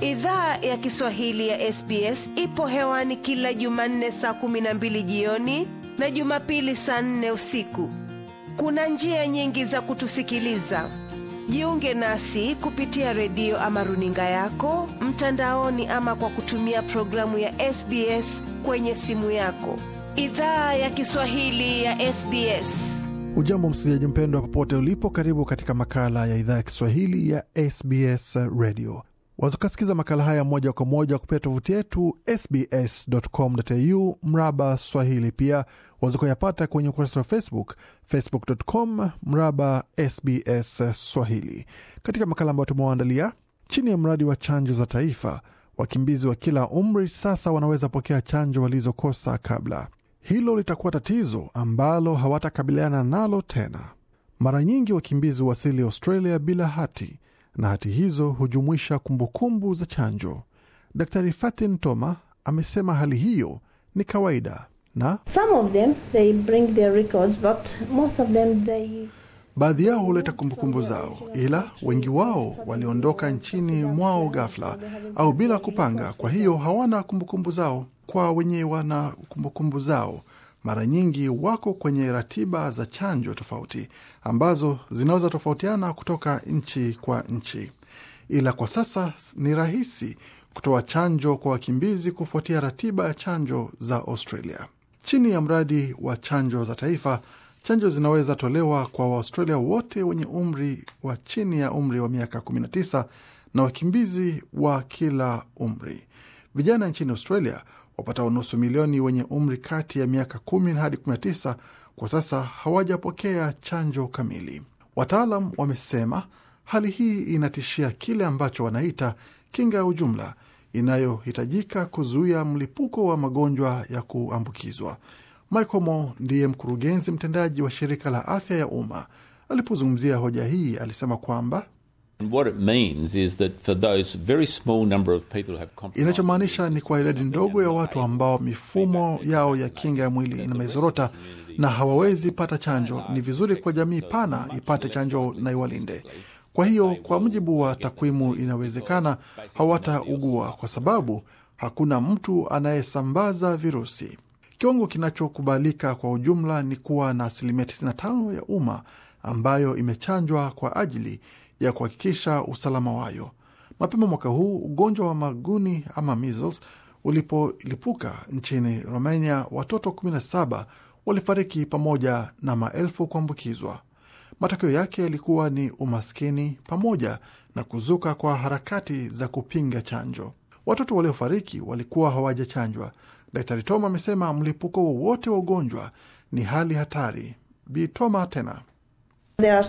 Idhaa ya Kiswahili ya SBS ipo hewani kila Jumanne saa kumi na mbili jioni na Jumapili saa nne usiku. Kuna njia nyingi za kutusikiliza. Jiunge nasi kupitia redio ama runinga yako mtandaoni, ama kwa kutumia programu ya SBS kwenye simu yako. Idhaa ya Kiswahili ya SBS. Ujambo msikilizaji mpendwa, popote ulipo, karibu katika makala ya idhaa ya Kiswahili ya SBS Radio. Wazokasikiza makala haya moja kwa moja kupitia tovuti yetu sbs.com.au mraba Swahili. Pia wazokuyapata kwenye ukurasa wa Facebook, facebook.com mraba SBS Swahili. Katika makala ambayo tumewaandalia, chini ya mradi wa chanjo za taifa, wakimbizi wa kila umri sasa wanaweza pokea chanjo walizokosa kabla. Hilo litakuwa tatizo ambalo hawatakabiliana nalo tena. Mara nyingi wakimbizi wasili Australia bila hati na hati hizo hujumuisha kumbukumbu za chanjo. Daktari Fatin Toma amesema hali hiyo ni kawaida na they... baadhi yao huleta kumbukumbu zao, ila wengi wao waliondoka nchini mwao ghafla au bila kupanga, kwa hiyo hawana kumbukumbu zao. Kwa wenye wana kumbukumbu zao mara nyingi wako kwenye ratiba za chanjo tofauti ambazo zinaweza tofautiana kutoka nchi kwa nchi, ila kwa sasa ni rahisi kutoa chanjo kwa wakimbizi kufuatia ratiba ya chanjo za Australia. Chini ya mradi wa chanjo za taifa, chanjo zinaweza tolewa kwa waustralia wote wenye umri wa chini ya umri wa miaka 19 na wakimbizi wa kila umri. Vijana nchini Australia wapatao nusu milioni wenye umri kati ya miaka 10 hadi 19 kwa sasa hawajapokea chanjo kamili. Wataalam wamesema hali hii inatishia kile ambacho wanaita kinga ya ujumla inayohitajika kuzuia mlipuko wa magonjwa ya kuambukizwa. Michael ndiye mkurugenzi mtendaji wa shirika la afya ya umma. Alipozungumzia hoja hii, alisema kwamba Inachomaanisha ni kwa idadi ndogo ya watu ambao mifumo yao ya kinga ya mwili imezorota na hawawezi pata chanjo, ni vizuri kwa jamii pana ipate chanjo na iwalinde. Kwa hiyo, kwa mujibu wa takwimu, inawezekana hawataugua kwa sababu hakuna mtu anayesambaza virusi. Kiwango kinachokubalika kwa ujumla ni kuwa na asilimia 95 ya umma ambayo imechanjwa kwa ajili ya kuhakikisha usalama wayo. Mapema mwaka huu ugonjwa wa maguni ama measles ulipolipuka nchini Romania, watoto 17 walifariki pamoja na maelfu kuambukizwa. Matokeo yake yalikuwa ni umaskini pamoja na kuzuka kwa harakati za kupinga chanjo. Watoto waliofariki walikuwa hawajachanjwa. Daktari Toma amesema mlipuko wowote wa ugonjwa ni hali hatari. Bi Toma tena There are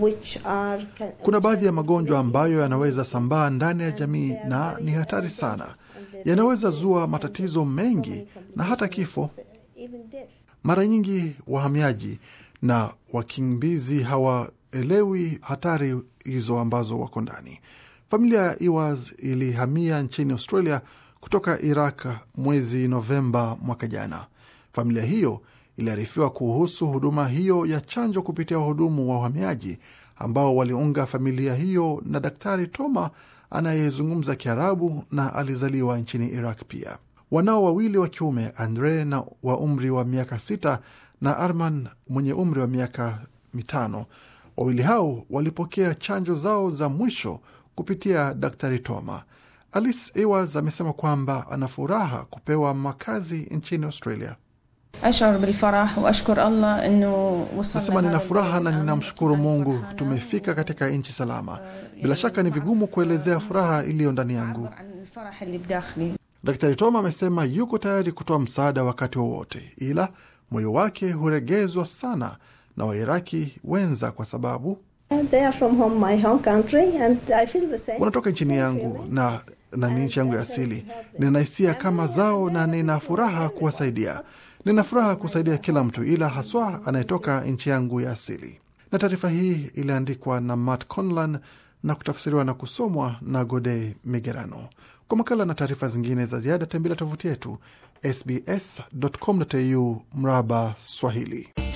Which are... kuna baadhi ya magonjwa ambayo yanaweza sambaa ndani ya jamii na ni hatari sana, yanaweza zua matatizo mengi na hata kifo. Mara nyingi wahamiaji na wakimbizi hawaelewi hatari hizo ambazo wako ndani. Familia ya ilihamia nchini Australia kutoka Iraq mwezi Novemba mwaka jana. Familia hiyo iliarifiwa kuhusu huduma hiyo ya chanjo kupitia wahudumu wa uhamiaji ambao waliunga familia hiyo na Daktari Toma anayezungumza Kiarabu na alizaliwa nchini Iraq. Pia wanao wawili wa kiume, Andre na wa umri wa miaka sita na Arman mwenye umri wa miaka mitano. Wawili hao walipokea chanjo zao za mwisho kupitia Daktari Toma. Alice ewas amesema kwamba ana furaha kupewa makazi nchini Australia. Nasema nina furaha na ninamshukuru Mungu, tumefika katika nchi salama. Bila shaka ni vigumu kuelezea furaha iliyo ndani yangu. Daktari Toma amesema yuko tayari kutoa msaada wakati wowote, ila moyo wake huregezwa sana na Wairaki wenza kwa sababu wanatoka nchini yangu na, na ni nchi yangu ya asili. Ninahisia kama zao na nina furaha kuwasaidia. Nina furaha kusaidia kila mtu, ila haswa anayetoka nchi yangu ya asili. Na taarifa hii iliandikwa na Matt Conlan na kutafsiriwa na kusomwa na Gode Migerano. Kwa makala na taarifa zingine za ziada, tembelea tovuti yetu sbs.com.au mraba Swahili.